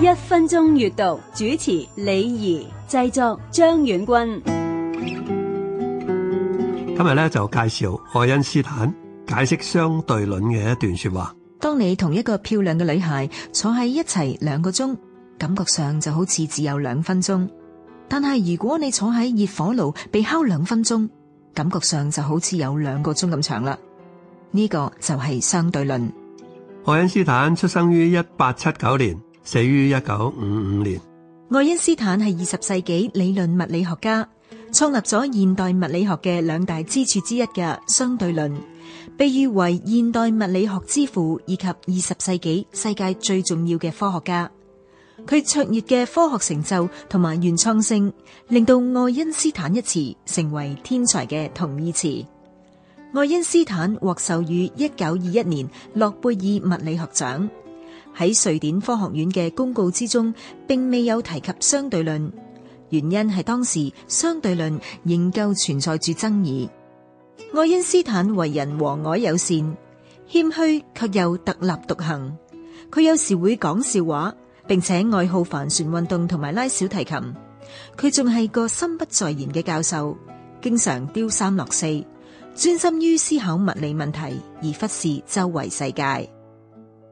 一分鐘閱讀，主持李儀，製作張遠君。今日咧，就介紹愛因斯坦解釋相對論嘅一段說話。當你同一個漂亮嘅女孩坐喺一齊兩個鐘，感覺上就好似只有兩分鐘；但係如果你坐喺熱火爐被烤兩分鐘，感覺上就好似有兩個鐘咁長啦。呢個就係相對論。愛因斯坦出生於一八七九年。死於一九五五年。愛因斯坦係二十世紀理論物理學家，創立咗現代物理學嘅兩大支柱之一嘅相對論，被譽為現代物理學之父，以及二十世紀世界最重要嘅科學家。佢卓越嘅科學成就同埋原創性，令到愛因斯坦一詞成為天才嘅同義詞。愛因斯坦獲授予一九二一年諾貝爾物理學獎。喺瑞典科學院嘅公告之中，並未有提及相對論，原因係當時相對論仍舊存在住爭議。愛因斯坦為人和藹友善，謙虛卻又特立獨行。佢有時會講笑話，並且愛好帆船運動同埋拉小提琴。佢仲係個心不在焉嘅教授，經常丟三落四，專心於思考物理問題而忽視周圍世界。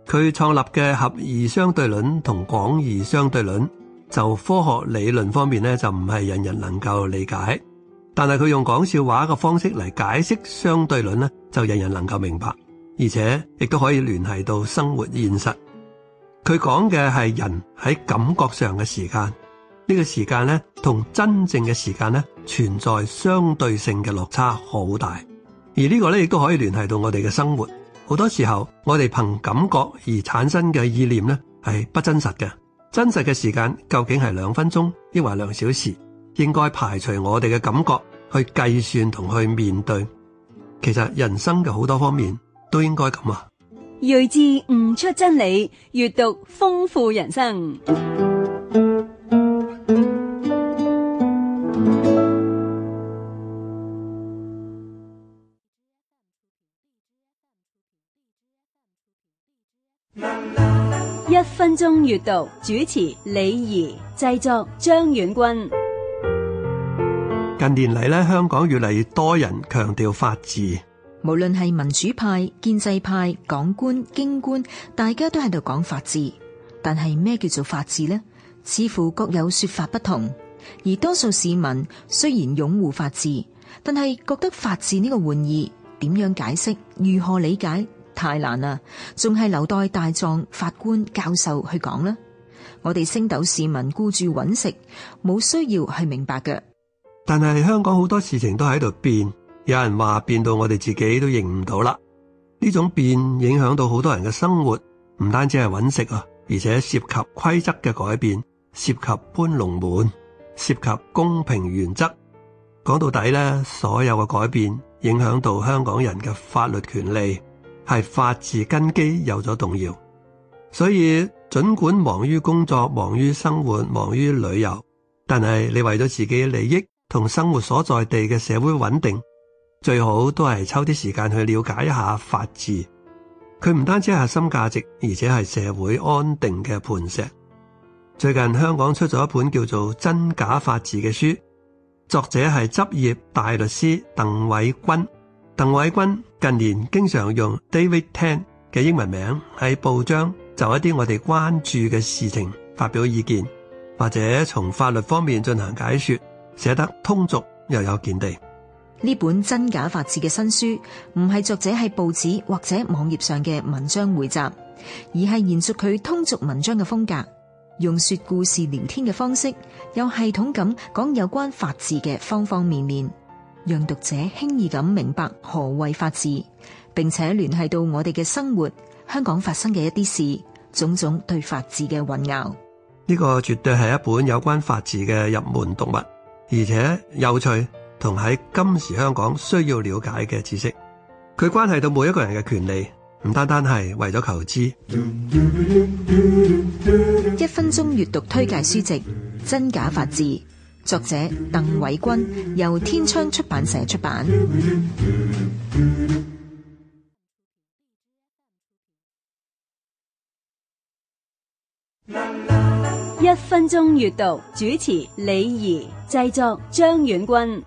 佢創立嘅狹義相對論同廣義相對論，就科學理論方面咧，就唔係人人能夠理解。但係佢用講笑話嘅方式嚟解釋相對論咧，就人人能夠明白，而且亦都可以聯繫到生活現實。佢講嘅係人喺感覺上嘅時間，呢個時間咧同真正嘅時間咧存在相對性嘅落差好大，而呢個咧亦都可以聯繫到我哋嘅生活。好多時候，我哋憑感覺而產生嘅意念呢，係不真實嘅。真實嘅時間究竟係兩分鐘，抑或兩小時？應該排除我哋嘅感覺去計算同去面對。其實人生嘅好多方面都應該咁啊！睿智悟出真理，閱讀豐富人生。一分鐘閱讀，主持李儀，製作張遠軍。 近年嚟咧，香港越嚟越多人強調法治， 無論係民主派、建制派、港官、京官，大家都喺度講法治。但係咩叫做法治呢？似乎各有說法不同。而多數市民雖然擁護法治，但係覺得法治呢個玩意點樣解釋、如何理解？太難啦，仲係留待大狀法官教授去講啦。我哋星斗市民顧住揾食，冇需要去明白嘅。但係香港好多事情都喺度變，有人話變到我哋自己都認唔到啦。呢種變影響到好多人嘅生活，唔單止係揾食啊，而且涉及規則嘅改變，涉及搬龍門，涉及公平原則。講到底呢，所有嘅改變影響到香港人嘅法律權利。係法治根基有咗動搖，所以儘管忙於工作、忙於生活、忙於旅遊，但係你為咗自己嘅利益同生活所在地嘅社會穩定，最好都係抽啲時間去了解一下法治。佢唔單止係核心價值，而且係社會安定嘅磐石。最近香港出咗一本叫做《真假法治》嘅書，作者係執業大律師鄧偉鈞。鄧偉鈞近年經常用 David Tan 嘅英文名喺報章就一啲我哋關注嘅事情發表意見，或者從法律方面進行解說，寫得通俗又有見地。呢本真假法治嘅新書唔係作者喺報紙或者網頁上嘅文章匯集，而係延續佢通俗文章嘅風格，用說故事聊天嘅方式，有系統咁講有關法治嘅方方面面。讓讀者輕易咁明白何謂法治，並且聯繫到我哋嘅生活，香港發生嘅一啲事，種種對法治嘅混淆。呢個絕對係一本有關法治嘅入門讀物，而且有趣同喺今時香港需要了解嘅知識。佢關係到每一個人嘅權利，唔單單係為咗求知。一分鐘閱讀推介書籍：真假法治。作者鄧偉鈞由天窗出版社出版。一分鐘閱讀主持李儀，製作張遠君。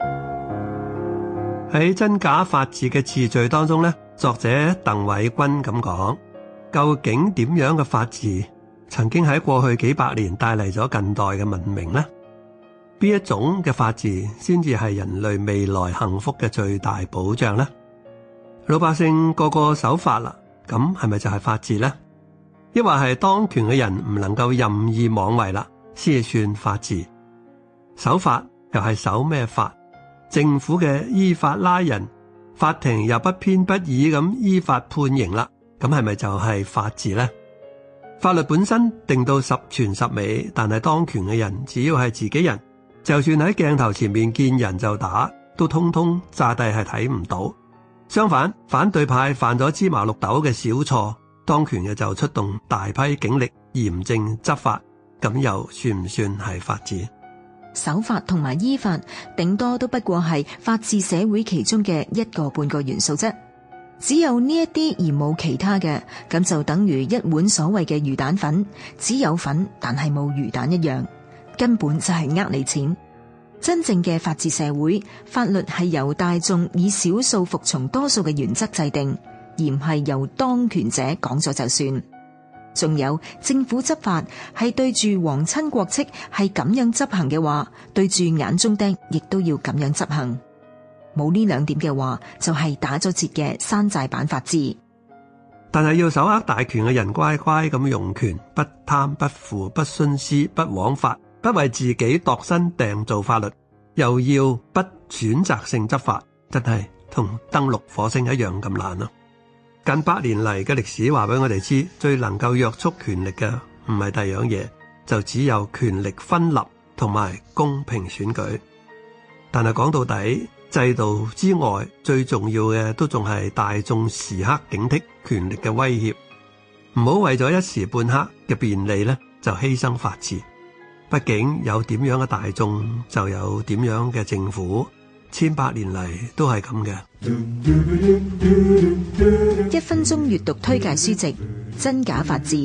喺真假法治嘅次序當中咧，作者鄧偉鈞咁講：究竟點樣嘅法治曾經喺過去幾百年帶嚟咗近代嘅文明呢？邊一種嘅法治先至係人類未來幸福嘅最大保障呢？老百姓個個守法啦，咁係咪就係法治呢？抑或係當權嘅人唔能夠任意妄為啦，先算法治？守法又係守咩法？政府嘅依法拉人，法庭又不偏不倚咁依法判刑啦，咁係咪就係法治呢？法律本身定到十全十美，但係當權嘅人只要係自己人。就算喺鏡頭前面見人就打，都通通詐諦係睇唔到。相反，反對派犯咗芝麻綠豆嘅小錯，當權嘅就出動大批警力嚴正執法，咁又算唔算係法治？守法同埋依法，頂多都不過係法治社會其中嘅一個半個元素啫。只有呢一啲而冇其他嘅，咁就等於一碗所謂嘅魚蛋粉，只有粉但係冇魚蛋一樣。根本就係呃你錢。真正嘅法治社會，法律係由大眾以少數服從多數嘅原則制定，而唔係由當權者講咗就算。仲有政府執法係對住皇親國戚係咁樣執行嘅話，對住眼中釘亦都要咁樣執行。冇呢兩點嘅話，就係打咗折嘅山寨版法治。但係要手握大權嘅人乖乖咁用權，不貪不腐不徇私不枉法。不為自己度身訂造法律，又要不選擇性執法，真係同登陸火星一樣咁難咯啊！近百年嚟嘅歷史話俾我哋知，最能夠約束權力嘅唔係第二樣嘢，就只有權力分立同埋公平選舉。但係講到底，制度之外最重要嘅都仲係大眾時刻警惕權力嘅威脅，唔好為咗一時半刻嘅便利呢，就犧牲法治。畢竟有點樣嘅大眾，就有點樣嘅政府，千百年嚟都係咁嘅。一分鐘閱讀推介書籍《真假法治》，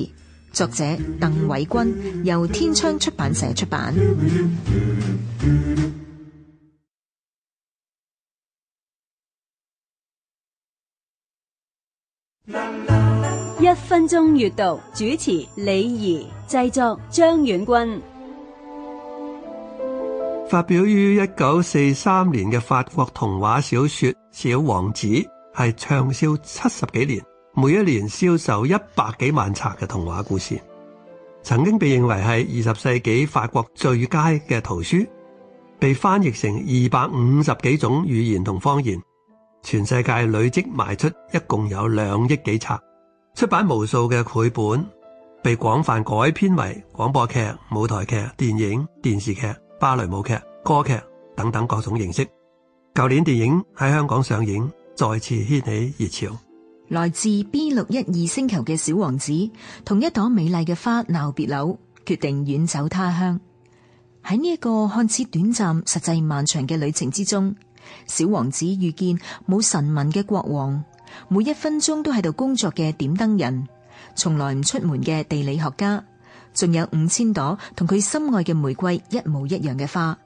作者鄧偉鈞，由天窗出版社出版。一分鐘閱讀主持李儀，製作張遠軍。發表於一九四三年嘅法國童話小說《小王子》係暢銷七十幾年，每一年銷售一百幾萬冊嘅童話故事，曾經被認為係二十世紀法國最佳嘅圖書，被翻譯成二百五十幾種語言同方言，全世界累積賣出一共有兩億幾冊，出版無數嘅繪本，被廣泛改編為廣播劇、舞台劇、電影、電視劇。芭蕾舞劇、歌劇等等各種形式。舊年電影喺香港上映，再次掀起熱潮。來自 B 六一二星球嘅小王子，同一朵美麗嘅花鬧彆扭，決定遠走他鄉。喺呢一個看似短暫、實際漫長嘅旅程之中，小王子遇見冇神文嘅國王，每一分鐘都喺度工作嘅點燈人，從來唔出門嘅地理學家。仲有五千朵同佢心愛嘅玫瑰一模一樣嘅花。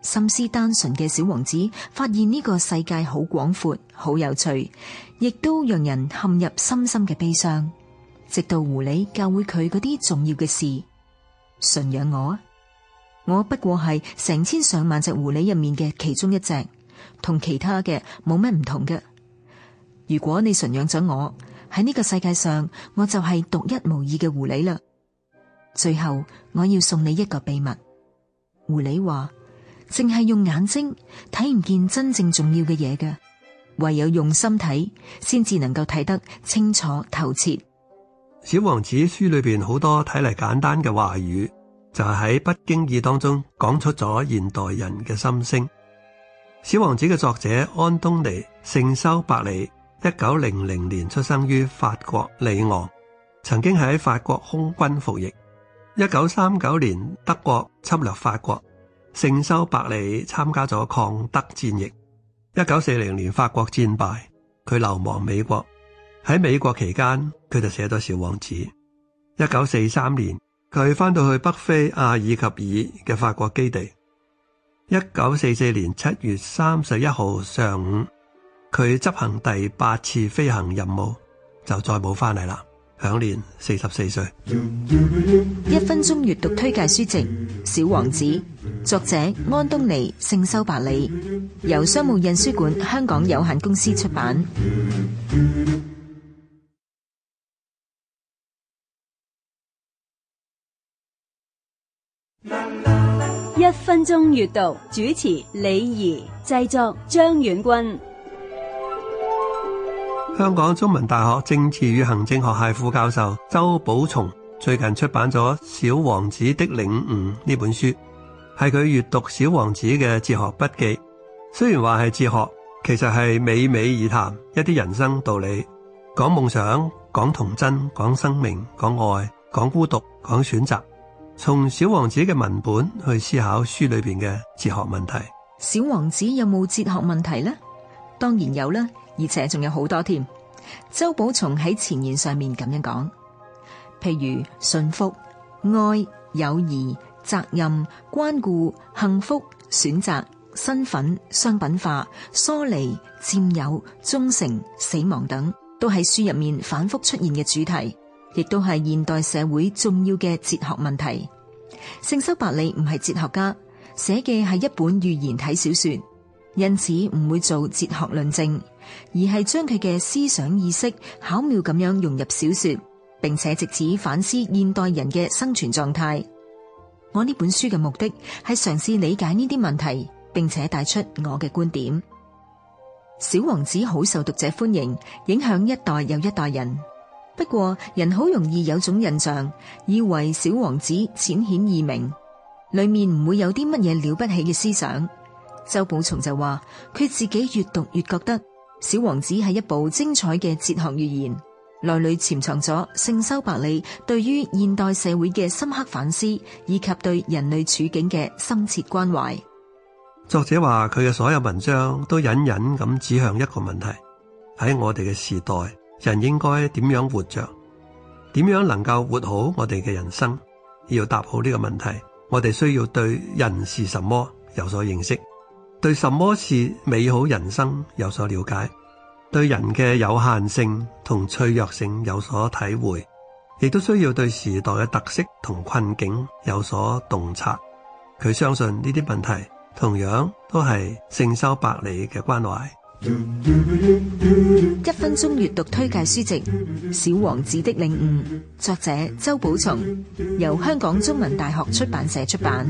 心思單純嘅小王子發現呢個世界好廣闊、好有趣，亦都讓人陷入深深嘅悲傷。直到狐狸教會佢嗰啲重要嘅事，馴養我。我不過係成千上萬隻狐狸入面嘅其中一隻，同其他嘅冇咩唔同嘅。如果你馴養咗我，喺呢個世界上我就係獨一無二嘅狐狸啦。最後我要送你一個秘密，狐狸話：淨係用眼睛睇唔見真正重要嘅嘢嘅，唯有用心睇，先至能夠睇得清楚透徹。小王子書裏邊好多睇嚟簡單嘅話語，就係喺不經意當中講出咗現代人嘅心聲。小王子嘅作者安東尼聖修伯里，一九零零年出生於法國里昂，曾經喺法國空軍服役。一九三九年，德國侵略法國，聖修伯里參加咗抗德戰役。一九四零年，法國戰敗，佢流亡美國。喺美國期間，佢就寫咗《小王子》。一九四三年，佢翻到去北非阿爾及爾嘅法國基地。一九四四年七月三十一號上午，佢執行第八次飛行任務，就再冇翻嚟啦。享年四十四歲。歲一分鐘閱讀推介書籍《小王子》，作者安東尼·聖修伯里，由商務印書館香港有限公司出版。一分鐘閱讀主持李儀，製作張遠軍。香港中文大學政治與行政學系副教授周寶松最近出版咗《小王子的領悟》呢本書，係佢閱讀小王子嘅哲學筆記。雖然話係哲學，其實係娓娓而談一啲人生道理，講夢想，講童真，講生命，講愛，講孤獨，講選擇。從小王子嘅文本去思考書裏邊嘅哲學問題。小王子有冇哲學問題呢？當然有啦。而且仲有好多添。周寶松喺前言上面咁樣講，譬如信福、愛、友誼、責任、關顧、幸福、選擇、身份、商品化、疏離、佔有、忠誠、死亡等，都喺書入面反復出現嘅主題，亦都係現代社會重要嘅哲學問題。聖修伯里唔係哲學家，寫嘅係一本寓言體小說，因此唔會做哲學論證。而係將佢嘅思想意識巧妙咁樣融入小說，並且借此反思現代人嘅生存狀態。我呢本書嘅目的係嘗試理解呢啲問題，並且帶出我嘅觀點。小王子好受讀者歡迎，影響一代又一代人。不過，人好容易有種印象，以為小王子淺顯易明，裏面唔會有啲乜嘢了不起嘅思想。周保松就話，佢自己越讀越覺得。小王子係一部精彩嘅哲學寓言，內裏潛藏咗聖修伯里對於現代社會嘅深刻反思，以及對人類處境嘅深切關懷。作者話佢嘅所有文章都隱隱咁指向一個問題：喺我哋嘅時代，人應該點樣活着？點樣能夠活好我哋嘅人生？要答好呢個問題，我哋需要對人是什麼有所認識。對什麼是美好人生有所了解，對人嘅有限性同脆弱性有所體會，亦都需要對時代嘅特色同困境有所洞察。佢相信呢啲問題同樣都係聖修伯里嘅關懷。一分鐘閱讀推介書籍《小王子的領悟》，作者周寶松，由香港中文大學出版社出版。